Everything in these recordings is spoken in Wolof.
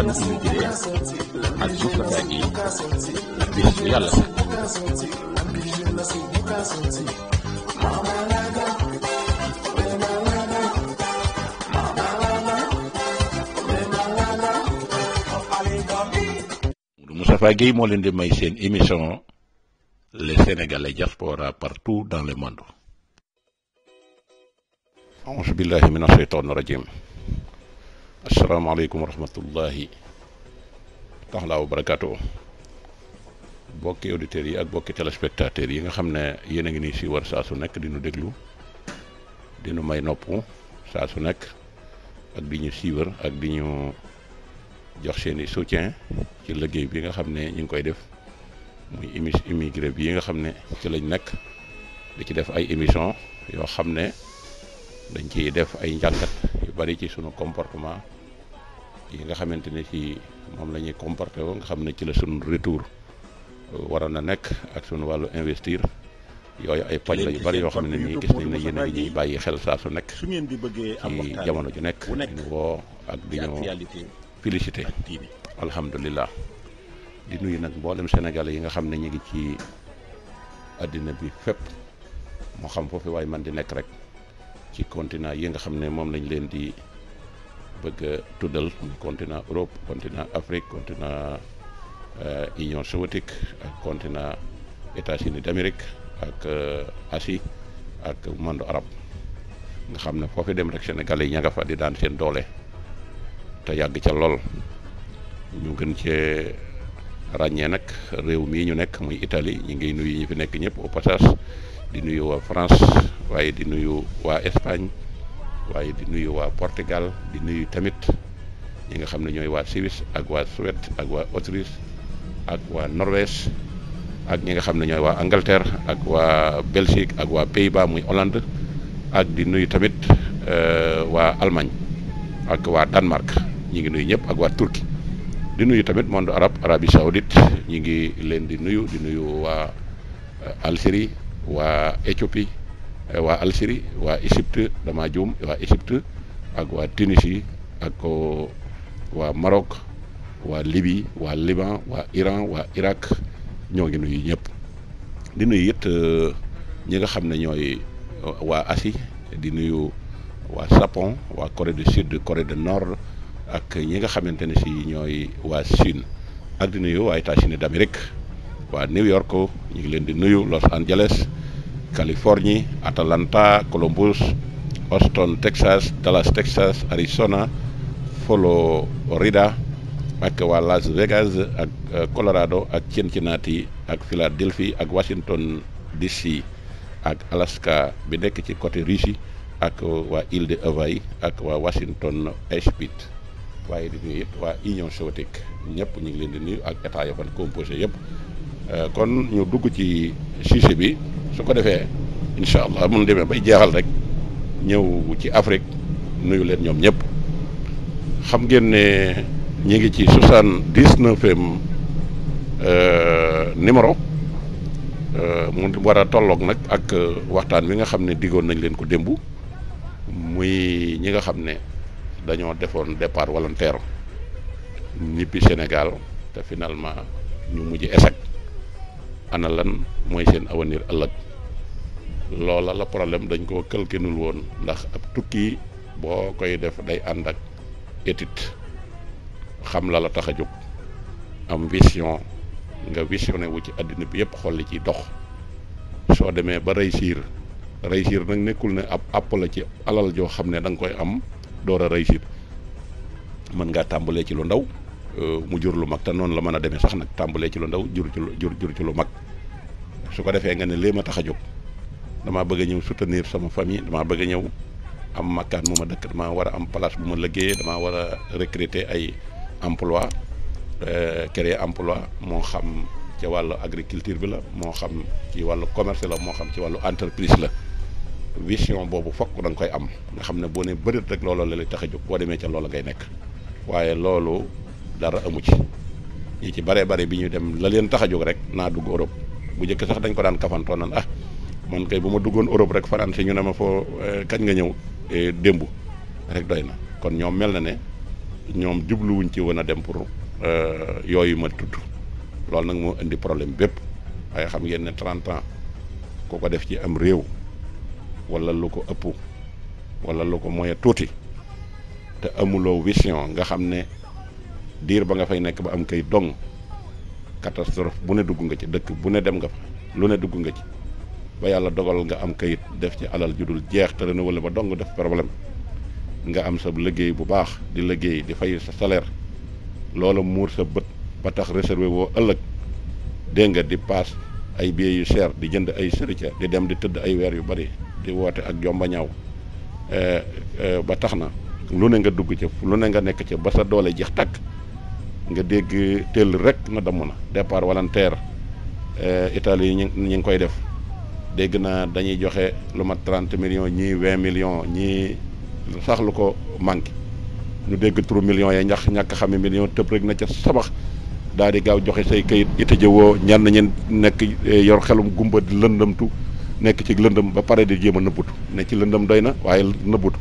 dara du dul ci dee ak suuf la fekk yi bis bi yàlla sàkk Moustapha Guèye moo leen di may seen émission les Sénégalais diaspora partout dans le monde. auzu billaahi mina sheytaani rajiim asalaamaaleykum wa rahmatullahi taxalaa wa barakaatu bokki auditeurs yi ak bokki téléspectateurs yi nga xam ne yéen a ngi nii si war saa su nekk di déglu di may nopp saa su nekk ak di siiwar ak di ñu jox seeni i soutien ci liggéey bi nga xam ne ñu ngi koy def muy émi bi yi nga xam ne ci lañ nekk di ci def ay émission yoo xam ne. dañ ciy def ay njàngat yu bari ci sunu comportement yi nga xamante ne ci moom lañuy ñuy comporté nga xam ne ci la sunu retour euh, waroon na nekk ak sunu wàllu investir yooyu ay poñ la yu bari yoo xam ne nii gis nañ ne yéen a ngi bàyyi xel saa su nekk ci jamono ju nekk ñu woo ak di ñu félicité alhamdulilah di nuyu nag mboolem sénégalais yi nga xam ne ñu ngi ci àddina bi fépp mu xam foofu waaye man di nekk rek. ci continent yi nga xam ne moom lañ leen di bëgg a tuddal muy continent Europe continent Afrique continent euh, Union soviétique ak continent États-Unis d'Amérique ak euh, Asie ak monde arabe nga xam ne foofu dem rek Sénégal yi ña nga fa di daan seen doole te yàgg ca lool ñu gën cee ràññee nag réew mii ñu nekk muy itali ñu ngi nuyu ñu fi nekk ñëpp au passage di nuyu waa France waaye di nuyu waa Espagne waaye di nuyu waa Portugal di nuyu tamit ñi nga xam ne ñooy waa Suisse ak waa Suède ak waa Autriche ak waa Norvège ak ñi nga xam ne ñooy waa Angleterre ak waa Belgique ak waa Pays-Bas muy Hollande ak di nuyu tamit euh, waa Allemagne ak waa Danemark ñu ngi nuyu ñëpp ak waa Turquie di nuyu tamit monde arabe Arabie Saoudite ñi ngi leen di nuyu di nuyu waa euh, Algérie waa Éthiopie euh, waa Algérie waa Égypte dama juum waa Égypte ak waa Tunisie ak waa Maroc waa Libye waa Liban waa Iran waa Irak ñoo ngi nuyu ñëpp di nuyu it euh, ñi nga xam ne ñooy waa Asie di nuyu waa Japon waa Corée du Sud Corée du Nord ak ñi nga xamante ne si ñooy waa Chine ak di nuyu waa États-Unis d'Amérique waa New York ñu ngi leen di nuyu Los Angeles Californie Atlanta Columbus Austin Texas Dallas Texas Arizona Florida ak waa Las Vegas ak euh, Colorado ak Cincinnati ak Philadelphie ak Washington DC ak Alaska bi nekk ci côté Russie ak waa île de Hawaï ak waa Washington State waaye di nuyu it waa union soviétique ñëpp ñu ngi leen di nuyu ak état ya fan composé yëpp euh, kon ñu dugg ci sujet bi su ko defee incha allah mun demee bay jeexal rek ñëw ci Afrique nuyu leen ñoom ñëpp xam ngeen ne ñu ngi ci soixante-dix-neuvième euh, numéro euh, mu war a tolloog nag ak waxtaan wi nga xam ne diggoon nañ leen ko démb muy ñi nga xam ne. dañoo defoon départ volontaire ñibbi Sénégal te finalement ñu mujj échec ana lan mooy seen awaniir ëllëg loola la problème dañ koo këlkenul woon ndax ab tukki boo koy def day ànd ak étude xam la la tax a jóg am vision nga visionné wu ci àddina bi yëpp xool li ciy dox soo demee ba réussir réussir nag nekkul ne ab àpp la ci alal joo xam ne danga koy am door a réussir mën ngaa tàmbalee ci lu ndaw euh, mu jur lu mag te noonu la mën a demee sax nag tàmbalee ci lu ndaw jur ci lu jur jur ci lu mag su ko defee nga ne lee ma tax a jóg damaa bëgg a ñëw soutenir sama famille damaa bëgg a ñëw am makkaan mu ma dëkk damaa war a am place bu ma liggéeyee damaa war a recruter ay emploi euh, créer emploi moo xam ci wàllu agriculture bi la moo xam ci wàllu commerce la moo xam ci wàllu entreprise la vision boobu fokk da koy am nga xam ne boo ne bërit rek looloo la lay tax a jóg boo demee ca loolu ngay nekk waaye loolu dara amu ci ñi ci bare bare bi ñu dem la leen tax a jóg rek naa dugg Europe bu njëkk sax dañ ko daan kafantoo nan ah man kay bu ma duggoon Europe rek fanaan si ñu ne ma foo eh, kañ nga ñëw eh, démb rek doy na kon ñoom mel na ne ñoom jubluwuñ ci woon a dem pour eh, yooyu ma tudd loolu nag moo indi problème bépp waaye xam ngeen ne 30 ans ko def ci am réew. wala lu ko ëpp wala lu ko moye tuuti te amuloo vision nga xam ne diir ba nga fay nekk ba am kay dong catastrophe bu ne dugg nga ci dëkk bu ne dem nga fa lu ne dugg nga ci ba yàlla dogal nga am kayit def ci alal ju dul jeex te dana wala ba dong def problème nga am sa liggéey bu baax di liggéey di fay sa salaire loola muur sa bët ba tax reserve woo ëllëg dégg nga di paas ay billets yu cher di jënd ay sëricca di dem di tëdd ay weer yu bari di woote ak jomba ñaaw eh, eh, ba tax na lu ne nga dugg ca lu ne nga nekk ca ba sa doole jeex takk nga dégg teel rek na damm na départ volontaire eh, Italie ñi ñi ngi koy def dégg na dañuy joxe lu mat trente millions ñii vingt millions ñii sax lu ko manqué ñu dégg turu millions ya ñax ñàkk xam ne millions tëb rek na ca sabax daal di gaaw joxe say kayit ite jëwoo ñan ñi nekk yor xelum gumba di lëndëmtu nekk ci lëndëm ba pare di jéem a nëbbutu ne ci lëndëm doy na waaye nëbbutu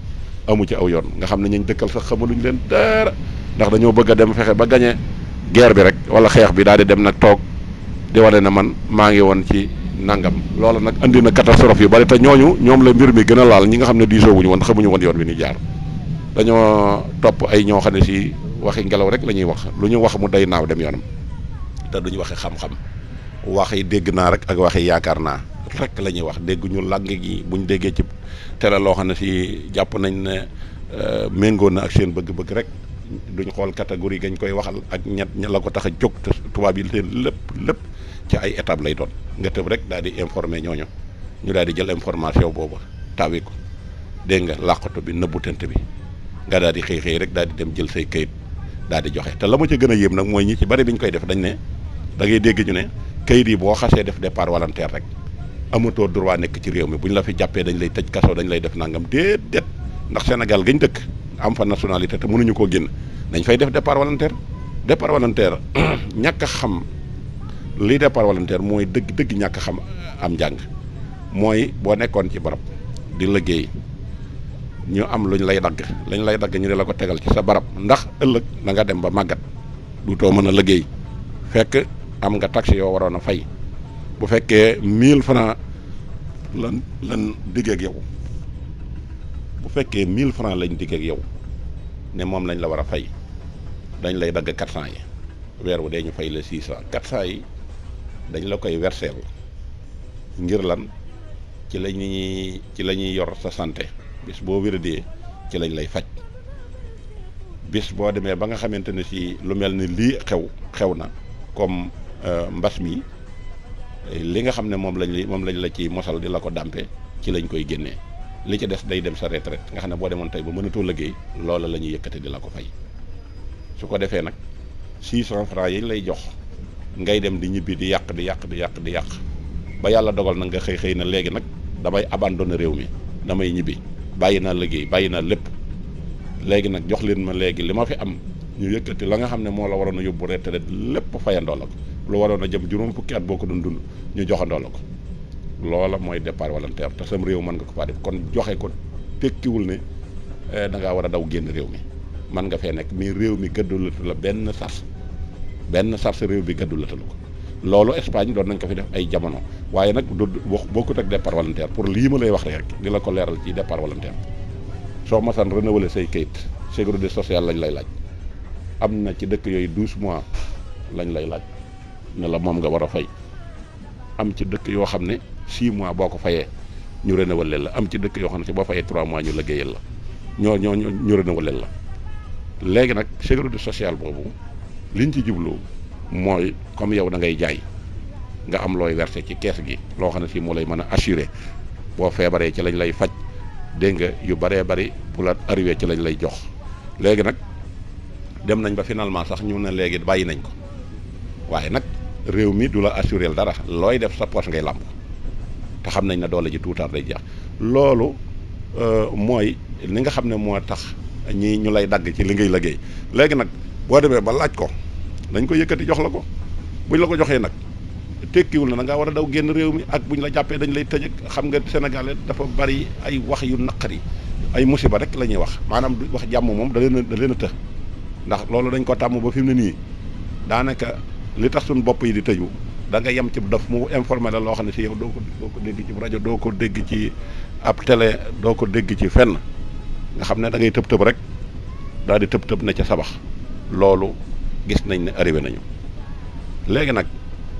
amu ci aw yoon nga xam ne ñañ dëkkal sax xamaluñ leen dara ndax dañoo bëgg dem fexe ba gañe guerre bi rek wala xeex bi daal di dem nag toog di wane ne man maa ngi woon ci nangam loolu nag andi na catastrophe yu bari te ñooñu ñoom la mbir mi gën a laal ñi nga xam ne diisoo wuñu woon xamuñu woon yoon bi ni jaar dañoo topp ay ñoo xam ne si waxi ngelaw rek la ñuy wax lu ñu wax mu day naaw dem yoonam te duñu waxe xam-xam wax yi dégg naa rek ak waxi yaakaar naa rek la ñuy wax ñu làng gi buñ déggee ci télé loo xam ne si jàpp nañ ne euh, méngoon na ak seen bëgg-bëgg rek duñ xool catégorie gañ koy waxal ak ñett ña la ko tax a jóg tubaab yi leen lëpp lépp ay étape lay doon nga tëb rek daal di informer ñooñu ñu daal di jël information boobu tawi ko dégg nga làqatu bi nëbbutante bi nga daal di xëy xëy rek daa di dem jël say kayit daal di joxe te la ma ci gën a yéem nag mooy ñi ci bari bi ñu koy def dañ ne da ngay dégg ñu ne kayit yi boo xasee def départ volontaire rek. amatoo durwaa nekk ci réew mi bu ñu la fi jàppee dañ lay tëj kaso dañ lay def nangam déedéet ndax Sénégal gañ dëkk am fa nationalité te mënuñu koo génn dañ fay def départ volontaire départ volontaire ñàkk xam li départ volontaire mooy dëgg dëgg ñàkk a xam am njàng mooy boo nekkoon ci barab di liggéey ñu am luñ lay dagg lañ lay dagg ñu di la ko tegal ci sa barab ndax ëllëg na nga dem ba màggat du too mën a liggéey fekk am nga taxe yoo waroon a fay bu fekkee mille francs lan lan digg yow bu fekkee mille francs lañ digg yow ne moom lañ la war a fay dañ lay dagg 400 yi weer wu dee ñu fay la 600 400 yi dañ la koy verseel ngir lan ci la ñuy ci la ñuy yor sa santé bis boo wéradee ci lañ lay faj bis boo demee ba nga xamante ni si lu mel ni lii xew xew na comme euh, mbas mi. li nga xam ne moom lañ moom lañ la ci mosal di la ko dàmpe ci lañ koy génnee li ci des day dem sa retraite nga xam ne boo demoon tey ba mënatoo liggéey loola la ñuy yëkkati di la ko fay su ko defee nag 600 francs yi lay jox ngay dem di ñibbi di yàq di yàq di yàq di yàq ba yàlla dogal na nga xëy xëy na léegi nag damay abandonné réew mi damay ñibbi bàyyi naa liggéey bàyyi naa lépp léegi nag jox leen ma léegi li ma fi am ñu yëkkati la nga xam ne moo la waroon a yóbbu retraite lépp fayandoo la lu waroon a jëm juróom fukki at boo ko doon dund ñu joxandoo la ko loola mooy départ volontaire te sam réew man nga ko faa def kon joxe ko tekkiwul ne eh, da ngaa war a daw génn réew mi mën nga fee nekk mais réew mi gëddulatu la benn sars benn sars réew bi gëddulatalu ko loolu Espagne doon nañ ko fi def ay jamono waaye nag du wax bokkut ak départ volontaire pour lii ma lay wax rek di la ko leeral ci départ volontaire soo masan renouveler say kayit sécurité sociale lañ lay laaj am na ci dëkk yooyu douze mois lañ lay laaj. ne la moom nga war a fay am ci dëkk yoo xam ne 6 mois boo ko fayee ñu renouvelé la am ci dëkk yoo xam ne si boo fayee trois mois ñu liggéeyal la ñoo ñoo ñu renouvelé la léegi nag sécurité social boobu liñ ci jublu mooy comme yow da ngay jaay nga am looy versé ci kees gi loo xam ne si moo lay mën a assuré boo feebaree ci lañ lay faj dégg nga yu baree bari bu la arrivé ci lañ lay jox léegi nag dem nañ ba finalement sax ñu ne léegi bàyyi nañ ko waaye nag. réew mi du la assuré dara looy def sa poche ngay làmb te xam nañ ne doole ji tuutaar day jeex loolu euh, mooy ni nga xam ne moo tax ñi ñu lay dagg ci li ngay liggéey léegi nag boo demee ba laaj ko dañ ko yëkkati jox la ko buñ la ko joxee nag tekkiwul na da ngaa war a daw génn réew mi ak buñ la jàppee dañ lay tëj xam nga Sénégal dafa bari ay wax yu naqari ay musiba rek la ñuy wax maanaam du wax jàmm moom da leen da leen a të ndax loolu dañ ko tàmm ba fi mu ne nii daanaka. li tax suñu bopp yi di tëju da nga yem ci daf mu informé la loo xam ne si yow doo ko doo ko dégg ci rajo doo ko dégg ci ab télé doo ko dégg ci fenn nga xam ne dangay tëb tëb rek daal di tëb tëb na ca sabax loolu gis nañ ne arrivé nañu léegi nag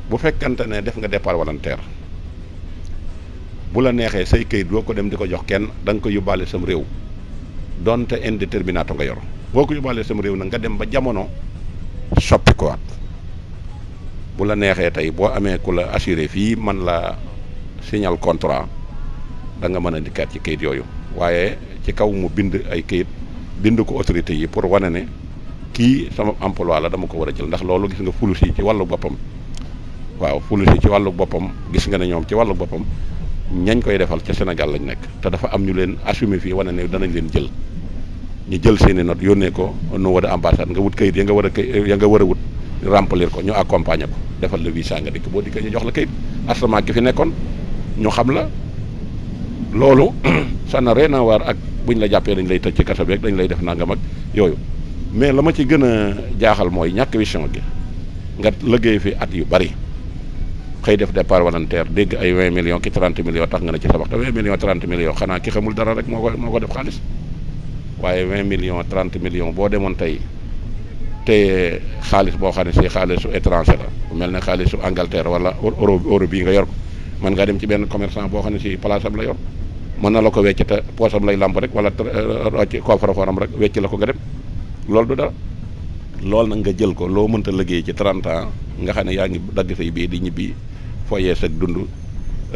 bu fekkante ne def nga départ volontaire bu la neexee say kayit boo ko dem di ko jox kenn da nga ko yóbbaale sam réew donte indéterminato nga yor boo ko yóbbaalee sam réew na nga dem ba jamono soppi ko bu la neexee tey boo amee ku la assuré fii man la signal contrat da nga mën a dikkaat ci kayit yooyu waaye ci kaw mu bind ay kayit bind ko autorité yi pour wane ne kii sama emploi la dama ko war a jël ndax loolu gis nga fulus yi ci wàllu boppam waaw fulus yi ci wàllu boppam gis nga ne ñoom ci wàllu boppam ñañ koy defal ca Sénégal lañu nekk te dafa am ñu leen assumer fii wane ne danañ leen jël ñu jël seeni not yónnee ko noo war a ambassade nga wut kayit ya nga war nga war a wut remplir ko ñu accompagner ko defal la visa nga dikk boo dikkee ñu jox la kayit astement ki fi nekkoon ñu xam la loolu ça n'a rien à voir ak bu ñu la jàppee dañ lay tëj ci kaso beeg dañ lay def nga mag yooyu mais la ma ci gën a jaaxal mooy ñàkk vision gi nga liggéey fi at yu bari xëy def départ volontaire dégg ay 20 millions ki 30 millions tax nga ne ci tabax te 20 millions 30 millions xanaa ki xamul dara rek moo ko moo ko def xaalis waaye million millions 30 boo demoon tey. téye xaalis boo xam ne si xaalisu étranger la mel ne xaalisu Angleterre wala euro euro bii nga yor ko mën ngaa dem ci benn commerçant boo xam ne si place am la yor mën na la ko wecc te poosam lay làmb rek wala euh, euh, ci coffre-fort am rek wecc la ko nga loolu du dara loolu nag nga jël ko loo mënta liggéey ci 30 nga xam ne yaa ngi dagg say bii di ñibbi foyee sa dund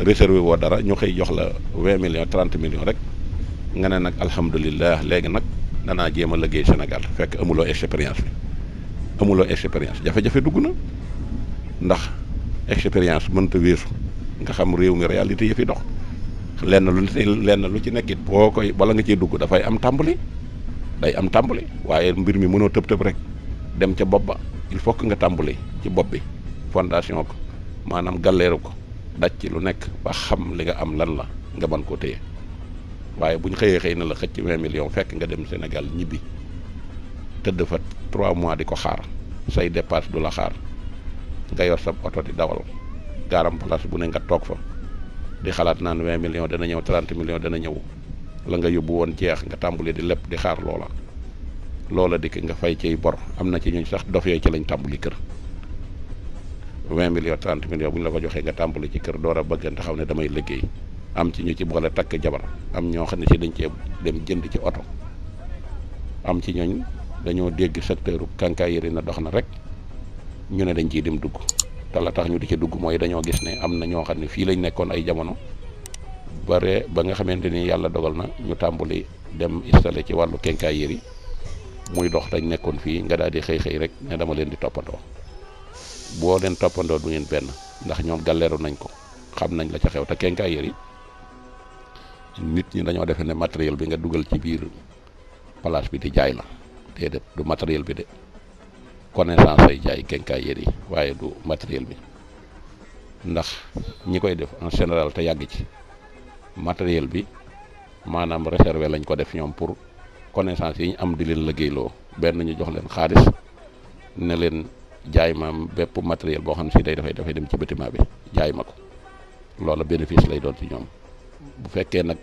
réservé woo dara ñu xëy jox la 20 million 30 million rek nga ne nag alhamdulillah léegi nag danaa jéem a liggéey Sénégal fekk amuloo expérience bi amuloo expérience jafe-jafe dugg na ndax expérience mënta weesu nga xam réew mi réyalité yi fi dox lenn lu lenn lu ci nekkit boo koy bala nga cee dugg dafay am tàmbali day am tàmbali waaye mbir mi mënoo tëb tëb rek dem ca bopp ba il faut nga tàmbali ci bopp bi fondation ko maanaam galleeru ko daj ci lu nekk ba xam li nga am lan la nga ban koo téye waaye bu ñu xëyee xëy na la xëcc 20 millions fekk nga dem Sénégal ñibbi. tëdd fa trois mois di ko xaar say dépasse du la xaar nga yor sab oto di dawal gaaram place bu ne nga toog fa di xalaat naan vingt millions dana ñëw trente millions dana ñëw la nga yóbbu woon jeex nga tàmbali di lépp di xaar loola loola dikk nga fay ciy bor am na ci ñun sax dof yooyu ci lañ tàmbali kër vingt millions trente millions bu ñu la ko joxee nga tàmbali ci kër door a bëgg taxaw ne damay liggéey am ci ñu ci boole takk jabar am ñoo xam ne si dañ cee dem jënd ci oto am ci ñooñ dañoo dégg secteur secteuru quincaillerie na dox na rek ñu ne dañ ciy dem dugg te la tax ñu di ci dugg mooy dañoo gis ne am na ñoo xam ne fii lañ nekkoon ay jamono bare ba nga xamante ni yàlla dogal na ñu tàmbali dem installé ci wàllu quincaillerie muy dox dañ nekkoon fii nga daal di xëy xëy rek ne dama leen di toppandoo boo leen toppandoo du ngeen benn ndax ñoom galeeru nañ ko xam nañ la ca xew te quincaillerie nit ñi dañoo defe ne matériel bi nga dugal ci biir place bi di jaay la. déedéet du matériel bi de connaissance ay jaay kenkaay yére yi waaye du matériel bi ndax ñi koy def en général te yàgg ci matériel bi maanaam réservé lañ ko def ñoom pour connaissance yi ñu am di leen liggéeyloo benn ñu jox leen xaalis ne leen jaay ma bépp matériel boo xam ne si day dafay dafay dem ci bâtiment bi jaay ma ko loola bénéfice lay doon ci ñoom bu fekkee nag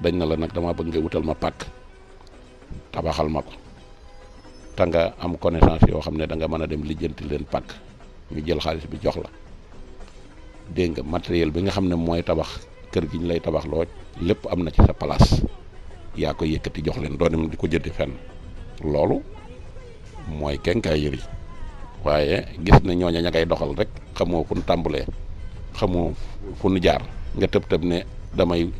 dañ na la nag dama bëgg nga wutal ma pàkk tabaxal ma ko te am connaissance yoo xam ne da nga mën a dem lijjanti leen pàkk ñu jël xaalis bi jox la dégg nga matériel bi nga xam ne mooy tabax kër gi ñu lay tabax loo lépp am na ci sa place yaa ko yëkkati jox leen doo dem di ko jëndi fen loolu mooy kenkaay yëri waaye gis ne ñooña ña ngay doxal rek xamoo fu nu tàmbalee xamoo fu nu jaar nga tëb tëb ne damay.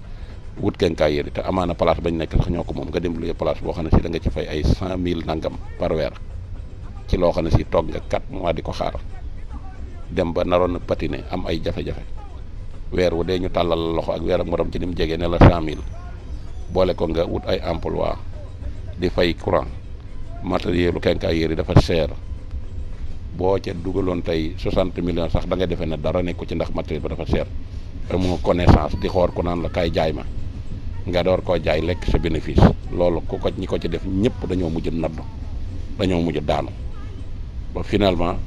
wut kenkaay yéri te amaana place bañ nekk sax ñoo ko moom nga dem luye place boo xam ne si da nga ci fay ay cent mille nangam par weer ci loo xam ne si toog nga quatre mois di ko xaar dem ba naroon patiner am ay jafe-jafe weer wu dee ñu tàllal la loxo ak weer ak morom ci ni mu jegee ne la cent mille boole ko nga wut ay emploi di fay courant matériel lu kenkaay yéri dafa cher boo ca dugaloon tey soixante millions sax da nga defee ne dara nekku ci ndax matériel ba dafa cher amoo connaissance di xool ku naan la kay jaay ma nga door koo jaay lekk sa bénéfice loolu ku ko ñi ko ci def ñëpp dañoo mujj naddu dañoo mujj daanu ba finalement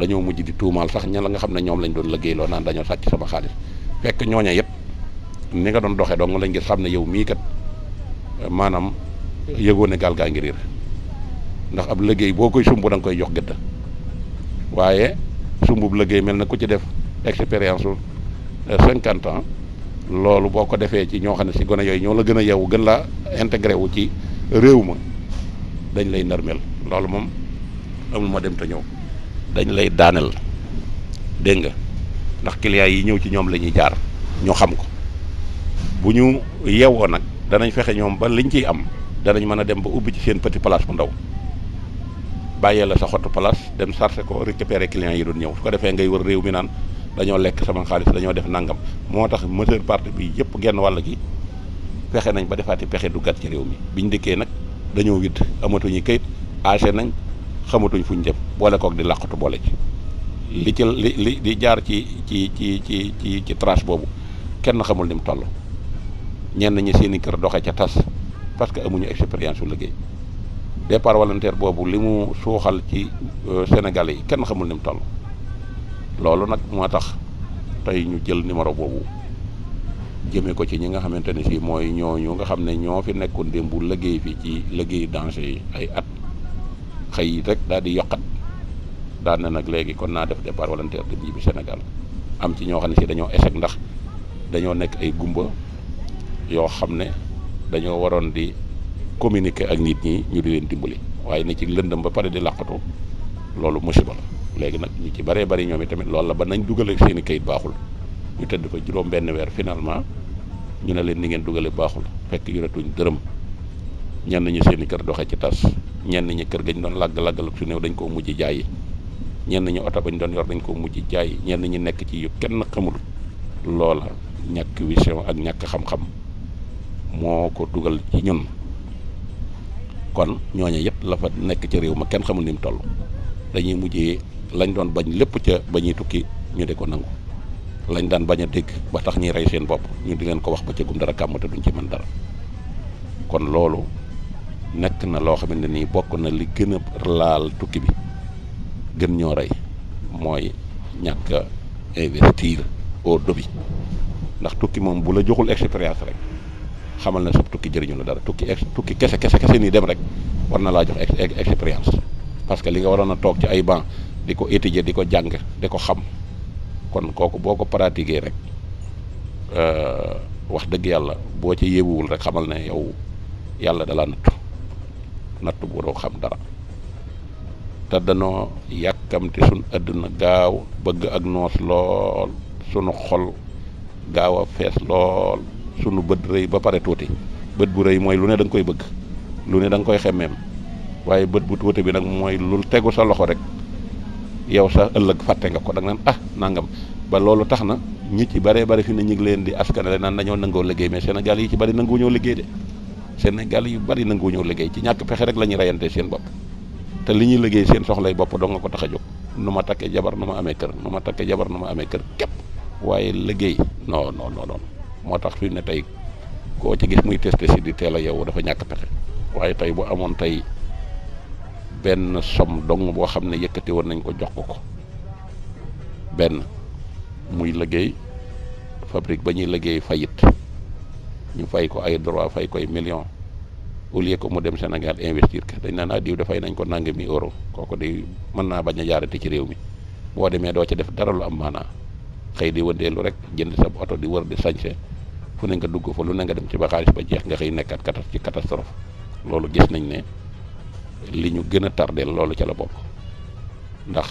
dañoo mujj di tuumaal sax ña la nga xam ne ñoom lañ doon liggéeyloo naan dañoo sàcc sama xaalis fekk ñooña yëpp ni nga doon doxee dong lañ ngir xam ne yow mii kat maanaam yëgoo ne gaal gaa ngi riir ndax ab liggéey boo koy sumb danga koy jox gëdd waaye sumbub liggéey mel na ku ci def expérience su eh, cinquante ans loolu boo ko defee ci ñoo xam ne si gone yooyu ñoo la gën a yeewu gën la intégré wu ci réew ma dañ lay narmel loolu moom amul ma dem te ñëw dañ lay daaneel dégg nga ndax clients yi ñëw ci ñoom la ñuy jaar ñu xam ko bu ñu yeewoo nag danañ fexe ñoom ba liñ ciy am danañ mën a dem ba ubbi ci seen petit place bu ndaw bàyyee la sa xottu place dem chargé ko récupérer clients yi doon ñëw su ko defee ngay wër réew mi naan dañoo lekk sama xaalis dañoo def nangam moo tax moteur parti bi yëpp genn wàll gi fexe nañ ba defaati pexe duggaat ci réew mi biñ dikkee nag dañoo widd amatuñu kayit âgé nañ xamatuñ fuñ jëm boole kook di làqatu boole ci li ci li li di jaar ci ci ci ci ci ci tranche boobu kenn xamul ni mu toll ñenn ñi seen i kër doxe ca tas parce que amuñu expérience su liggéey départ volontaire boobu li mu suuxal ci euh, Sénégalais yi kenn xamul ni mu toll loolu nag moo tax tey ñu jël numéro boobu jëmee ko ci ñi nga xamante ne fii mooy ñooñu nga xam ne ñoo fi nekkoon démb liggéey fii ci liggéey danger yi ay at xëy rek daal di yokkat daan na nag léegi kon naa def départ volontaire de Sénégal am ci ñoo xam ne si dañoo échec ndax dañoo nekk ay gumba yoo xam ne dañoo waroon di communiqué ak nit ñi ñu di leen dimbali waaye ne ci lëndëm ba pare di làqatu loolu musiba la léegi nag ñu ci bëree bëri ñoom tamit loolu la ba nañ dugal ak seen i kayit baaxul ñu tëdd fa juróom benn weer finalement ñu ne leen ni ngeen dugale baaxul fekk yoretuñ dërëm ñenn ñi seeni kër doxe ci tas ñenn ñi kër gañ doon làgg-làggal su néew dañ koo mujj jaayi ñenn ñi oto bañ doon yor dañ koo mujj jaayi ñenn ñi nekk ci yu kenn xamul loola ñàkk vision ak ñàkk xam-xam moo ko dugal ci ñun kon ñooñu yëpp la fa nekk ci réew ma kenn xamul ni mu lañ doon bañ lépp ca ba tukki ñu di ko nangu lañ daan bañ a dégg ba tax ñuy rey seen bopp ñu di leen ko wax ba ca gum dara kàmm te duñ ci mën dara kon loolu nekk na loo xamante ni bokk na li gën a laal tukki bi gën ñoo rey mooy ñàkk a investir au début ndax tukki moom bu la joxul expérience rek xamal na sab tukki jëriñu la dara tukki tukki kese kese kese nii dem rek war na laa jox expérience parce que li nga waroon a toog ci ay banc di ko étudier di ko jàng di ko xam kon kooku boo ko pratiquer rek euh, wax dëgg yàlla boo ci yéewuwul rek xamal na yow yàlla dala nattu nattu bu doo xam dara te danoo yàkkamti suñ àdduna gaaw bëgg ak noos lool sunu xol gaaw a fees lool sunu bët rëy ba pare tuuti bët bu rëy mooy lu ne da koy bëgg lu ne da koy xemmeem waaye bët bu tuuti bi nag mooy lu tegu sa loxo rek yow sa ëllëg fàtte nga ko da nga naan ah nangam ba loolu tax na ñi ci bëree bëri fi ne ñu ngi leen di askanale naan nañoo nangoo liggéey mais Sénégal yi ci bëri nanguwu ñoo liggéey de Sénégal yu bëri nanguwu ñoo liggéey ci ñàkk pexe rek la ñuy rayante seen bopp te li ñuy liggéey seen soxlay bopp doo nga ko tax a jóg nu ma takkee jabar nu ma amee kër nu ma takkee jabar nu ma amee kër képp waaye liggéey non non non non moo tax fi ne tey koo ci gis muy testé si di teel a yow dafa ñàkk pexe waaye tey boo amoon tey benn somme dong boo xam ne yëkkati woon nañ ko jox ko benn muy liggéey fabrique ba ñuy liggéey fayit ñu fay ko ay droit fay koy ay millions au lieu mu dem Sénégal investir ko dañ naan ah, diw dafay nañ ko nangami euro kooko di mën naa bañ a jaarati ci réew mi boo demee doo ci def dara lu am maanaa xëy di wëndeelu rek jënd sa oto di wër di sañse fu ne nga dugg fa lu ne nga dem ci ba xaalis ba jeex nga xëy nekkat katas ci catastrophe loolu gis nañ ne li ñu gën a tardeel loolu ca la bokk ndax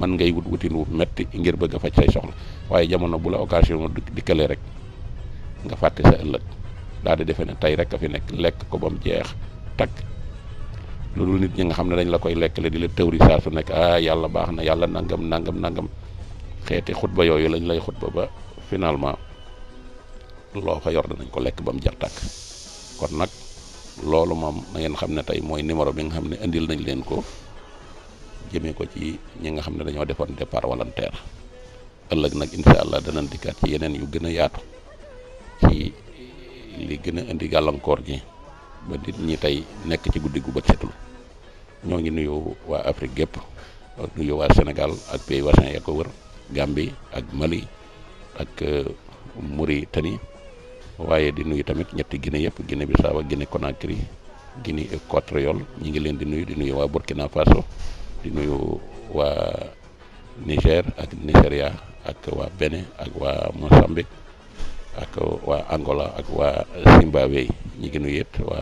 man ngay wut wuti wu metti ngir bëgg a faj say soxla waaye jamono bu la occasion dikkalee rek nga fàtte sa ëllëg daal di defe ne tey rek a fi nekk lekk ko ba mu jeex takk loolu nit ñi nga xam ne dañ la koy lekkale di la tëwri saa su nekk ah yàlla baax na yàlla nangam nangam nangam xeeti xutba yooyu lañ lay xutba ba finalement loo fa yor danañ ko lekk ba mu jeex tàkk kon nag loolu moom na ngeen xam ne tey mooy numéro bi nga xam ne indil nañ leen ko jëmee ko ci ñi nga xam ne dañoo defoon départ volontaire ëllëg nag incha allah danañ dikkaat ci yeneen yu gën a yaatu ci li gën a indi gàllankoor gi ba nit ñi tey nekk ci guddi gu bët setul ñoo ngi nuyu waa Afrique gépp nuyu waa Sénégal ak pays voisins ya ko wër Gambie ak Mali ak euh, Mauritanie waaye di nuyu tamit ñetti Guinée yëpp Guinée Bissau ak Guinée Conakry Guinée Équatoriale ñi ngi leen di nuyu di nuyu waa Burkina Faso di nuyu waa Niger ak Nigeria ak waa Benin ak waa Mozambique ak waa Angola ak waa Zimbabwe ñi ngi nuyu waa